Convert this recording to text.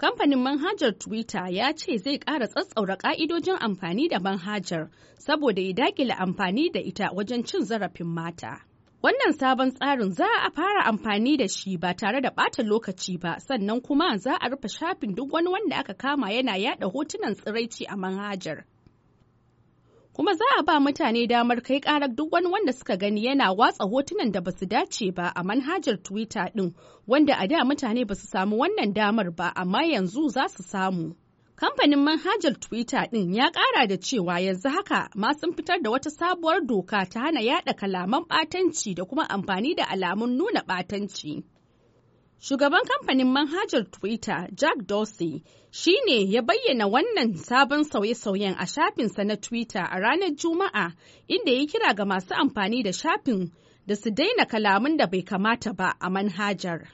Kamfanin manhajar Twitter ya ce zai ƙara tsatsaura ƙa'idojin amfani da manhajar saboda ya dakile amfani da ita wajen cin zarafin mata. Wannan sabon tsarin za a fara amfani da shi ba tare da ɓata lokaci ba sannan kuma za a rufe shafin duk wani wanda aka kama yana yada hotunan tsiraici a manhajar. kuma za a ba mutane damar kai karar duk wani wanda suka gani yana watsa hotunan da basu dace ba a manhajar twitter din wanda a da mutane basu samu wannan damar ba amma yanzu za su samu kamfanin manhajar twitter din ya ƙara da cewa yanzu haka ma sun fitar da wata sabuwar doka ta hana yada kalaman ɓatanci da kuma amfani da alamun nuna ɓatanci. Shugaban kamfanin manhajar Twitter, Jack Dorsey, shi ne ya bayyana wannan sabon sauye-sauyen a shafinsa na Twitter a ranar Juma'a, inda ya kira ga masu amfani da shafin da su daina kalamun da bai kamata ba a manhajar.